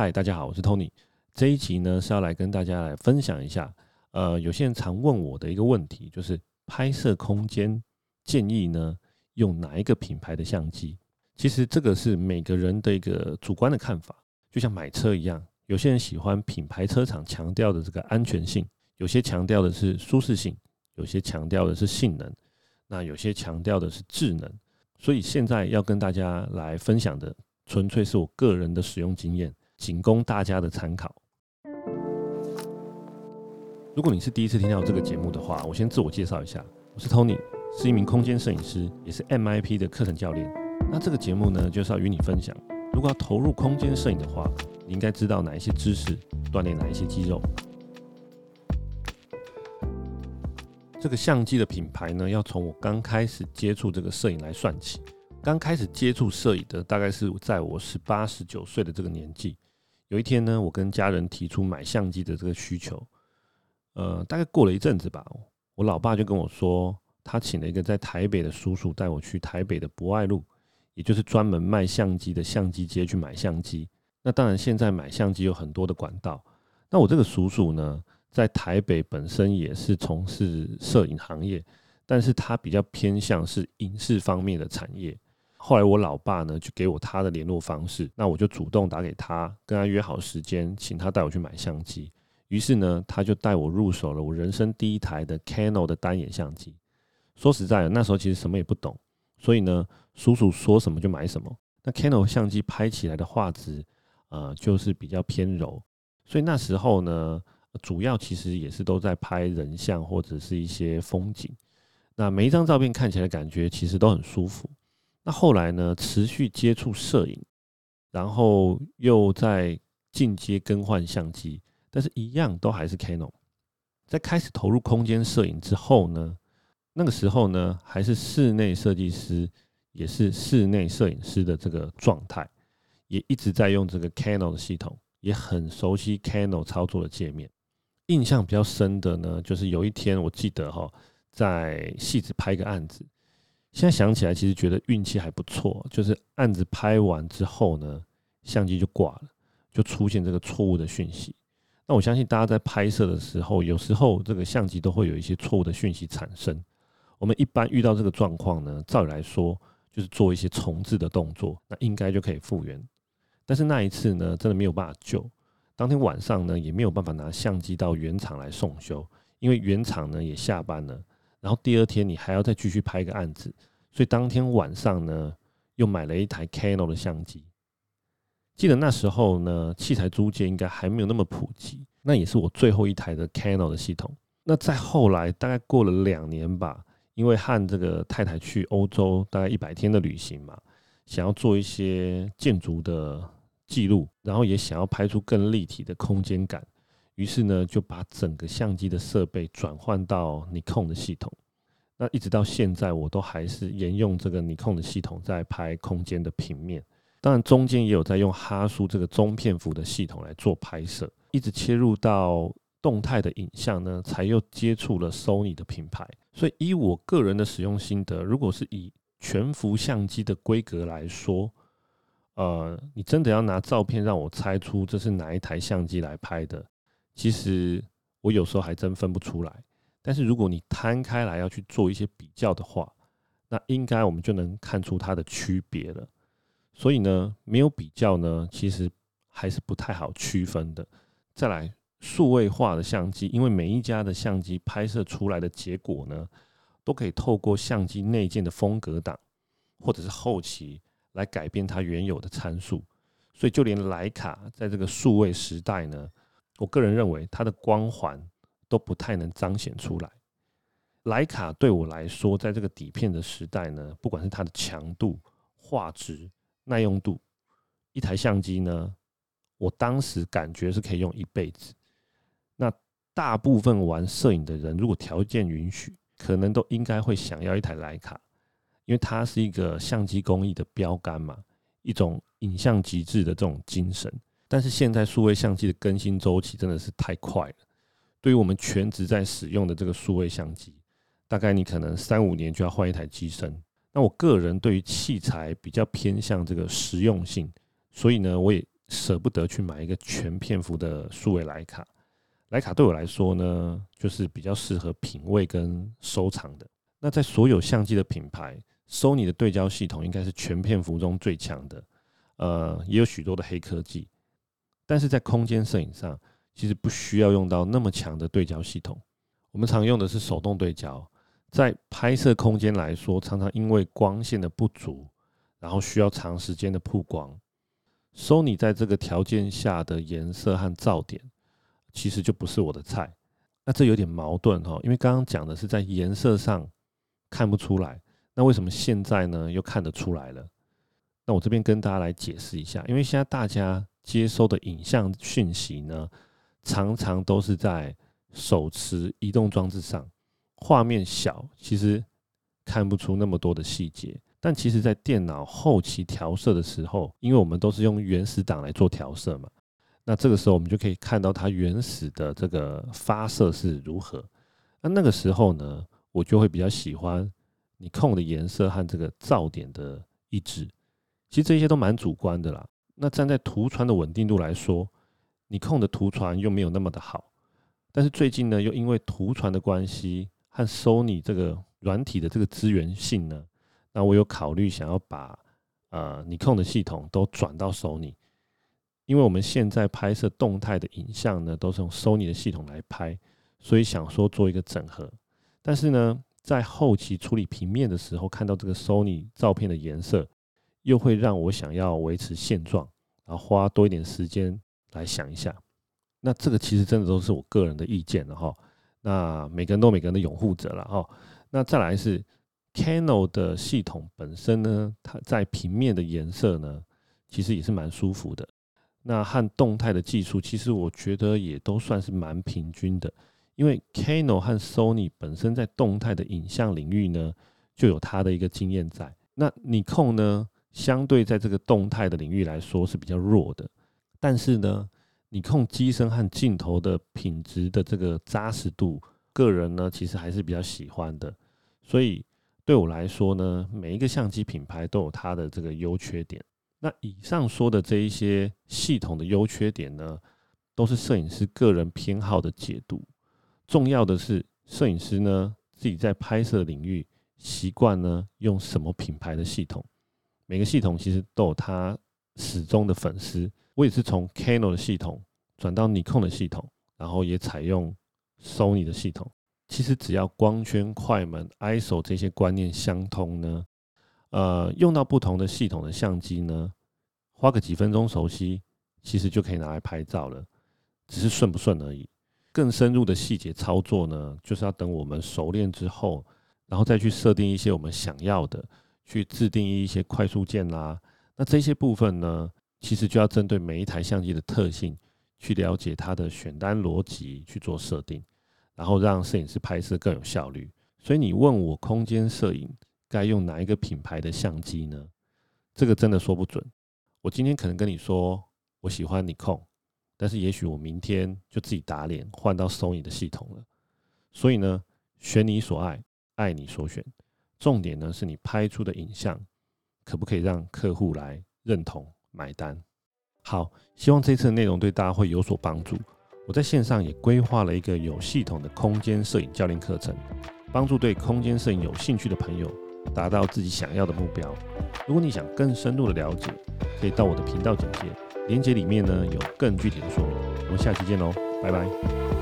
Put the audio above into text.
嗨，大家好，我是 Tony。這一集呢是要來跟大家來分享一下，呃，有些人常問我的一個問題，就是拍攝空間建議呢用哪一個品牌的相機？其實這個是每個人的一個主觀的看法，就像買車一樣，有些人喜歡品牌車廠強調的這個安全性，有些強調的是舒適性，有些強調的是性能，那有些強調的是智能。所以現在要跟大家來分享的，純粹是我個人的使用經驗。僅供大家的參考。如果你是第一次聽到這個節目的話，我先自我介紹一下，我是 Tony，是一名空間攝影師，也是 MIP 的課程教練。那這個節目呢，就是要與你分享，如果要投入空間攝影的話，你應該知道哪一些知識，鍛煉哪一些肌肉。這個相機的品牌呢，要從我剛開始接觸這個攝影來算起。剛開始接觸攝影的，大概是在我十八、十九歲的這個年紀。有一天呢，我跟家人提出買相機的這個需求，呃，大概過了一陣子吧，我老爸就跟我說，他請了一個在台北的叔叔帶我去台北的博愛路，也就是專門賣相機的相機街去買相機。那當然，現在買相機有很多的管道。那我這個叔叔呢，在台北本身也是從事攝影行業，但是他比較偏向是影視方面的產業。後來我老爸呢就給我他的聯絡方式，那我就主動打給他，跟他約好時間，請他帶我去買相機。於是呢，他就帶我入手了我人生第一台的 Canon 的單眼相機。說實在的，那時候其實什麼也不懂，所以呢，叔叔說什麼就買什麼。那 Canon 相機拍起來的畫質，呃，就是比較偏柔。所以那時候呢，呃，主要其實也是都在拍人像或者是一些風景。那每一張照片看起來感覺其實都很舒服。那、啊、後來呢，持續接觸攝影，然後又再進階更換相機，但是一樣都還是 Canon。在開始投入空間攝影之後呢，那個時候呢，還是室內設計師，也是室內攝影師的這個狀態，也一直在用這個 Canon 的系統，也很熟悉 Canon 操作的界面。印象比較深的呢，就是有一天我記得哈，在戲子拍個案子。現在想起來，其實覺得運氣還不錯。就是案子拍完之後呢，相機就掛了，就出現這個錯誤的訊息。那我相信大家在拍攝的時候，有時候這個相機都會有一些錯誤的訊息產生。我們一般遇到這個狀況呢，照理來說就是做一些重置的動作，那應該就可以復原。但是那一次呢，真的沒有辦法救。當天晚上呢，也沒有辦法拿相機到原廠來送修，因為原廠呢也下班了。然後第二天你還要再繼續拍一個案子，所以當天晚上呢，又買了一台 Canon 的相機。記得那時候呢，器材租借應該還沒有那麼普及，那也是我最後一台的 Canon 的系統。那再後來大概過了兩年吧，因為和這個太太去歐洲大概一百天的旅行嘛，想要做一些建築的記錄，然後也想要拍出更立體的空間感。於是呢，就把整個相機的設備轉換到 Nikon 的系統。那一直到現在，我都還是沿用這個 Nikon 的系統在拍空間的平面。當然，中間也有在用哈蘇這個中片幅的系統來做拍攝，一直切入到動態的影像呢，才又接觸了 Sony 的品牌。所以，以我個人的使用心得，如果是以全幅相機的規格來說，呃，你真的要拿照片讓我猜出這是哪一台相機來拍的？其實我有時候還真分不出來，但是如果你攤開來要去做一些比較的話，那應該我們就能看出它的區別了。所以呢，沒有比較呢，其實還是不太好區分的。再來，數位化的相機，因為每一家的相機拍攝出來的結果呢，都可以透過相機內建的風格檔，或者是後期來改變它原有的參數，所以就連徠卡在這個數位時代呢。我個人認為，它的光環都不太能彰顯出來。徠卡對我來說，在這個底片的時代呢，不管是它的強度、畫質、耐用度，一台相機呢，我當時感覺是可以用一輩子。那大部分玩攝影的人，如果條件允許，可能都應該會想要一台徠卡，因為它是一個相機工藝的標杆嘛，一種影像極致的這種精神。但是現在數位相機的更新週期真的是太快了，對於我們全職在使用的這個數位相機，大概你可能三五年就要換一台機身。那我個人對於器材比較偏向這個實用性，所以呢，我也舍不得去買一個全片幅的數位徠卡。徠卡對我來說呢，就是比較適合品味跟收藏的。那在所有相機的品牌，索尼的對焦系統應該是全片幅中最強的，呃，也有許多的黑科技。但是在空間攝影上，其實不需要用到那麼強的對焦系統。我們常用的是手動對焦。在拍攝空間來說，常常因為光線的不足，然後需要長時間的曝光。索尼在這個條件下的顏色和噪點，其實就不是我的菜。那這有點矛盾哈，因為剛剛講的是在顏色上看不出來，那為什麼現在呢又看得出來了？那我這邊跟大家來解釋一下，因為現在大家。接收的影像訊息呢，常常都是在手持移動裝置上，畫面小，其實看不出那麼多的細節。但其實，在電腦後期調色的時候，因為我們都是用原始檔來做調色嘛，那這個時候我們就可以看到它原始的這個發色是如何。那那個時候呢，我就會比較喜歡尼康的顏色和這個噪點的抑制。其實這些都蠻主觀的啦。那站在圖傳的穩定度來說，Nikon 的圖傳又沒有那麼的好，但是最近呢，又因為圖傳的關係和 Sony 這個軟體的這個資源性呢，那我有考慮想要把呃 Nikon 的系統都轉到 Sony，因為我們現在拍攝動態的影像呢，都是用 Sony 的系統來拍，所以想說做一個整合，但是呢，在後期處理平面的時候，看到這個 Sony 照片的顏色。又會讓我想要維持現狀，然後花多一點時間來想一下。那這個其實真的都是我個人的意見了哈。那每個人都每個人的擁護者了哈。那再來是 Canon 的系統本身呢，它在平面的顏色呢，其實也是蠻舒服的。那和動態的技術，其實我覺得也都算是蠻平均的，因為 Canon 和 Sony 本身在動態的影像領域呢，就有它的一個經驗在。那 Nikon 呢？相對在這個動態的領域來說是比較弱的，但是呢，尼康機身和鏡頭的品質的這個扎實度，個人呢其實還是比較喜歡的。所以對我來說呢，每一個相機品牌都有它的這個優缺點。那以上說的這一些系統的優缺點呢，都是攝影師個人偏好的解讀。重要的是，攝影師呢自己在拍攝的領域習慣呢用什麼品牌的系統。每個系統其實都有它始終的粉絲。我也是從 Canon 的系統轉到 Nikon 的系統，然後也採用 Sony 的系統。其實只要光圈、快門、ISO 這些觀念相通呢，呃，用到不同的系統的相機呢，花個幾分鐘熟悉，其實就可以拿來拍照了，只是順不順而已。更深入的細節操作呢，就是要等我們熟練之後，然後再去設定一些我們想要的。去自定義一些快速鍵啦，那這些部分呢，其實就要針對每一台相機的特性去了解它的選單邏輯去做設定，然後讓攝影師拍攝更有效率。所以你問我空間攝影該用哪一個品牌的相機呢？這個真的說不準。我今天可能跟你說我喜歡尼康，但是也許我明天就自己打臉換到索尼的系統了。所以呢，選你所愛，愛你所選。重點呢，是你拍出的影像，可不可以讓客戶來認同買單？好，希望這次的內容對大家會有所幫助。我在線上也規劃了一個有系統的空間攝影教練課程，幫助對空間攝影有興趣的朋友達到自己想要的目標。如果你想更深入的了解，可以到我的頻道簡介鏈接裡面呢，有更具體的說明。我們下期見嘍，拜拜。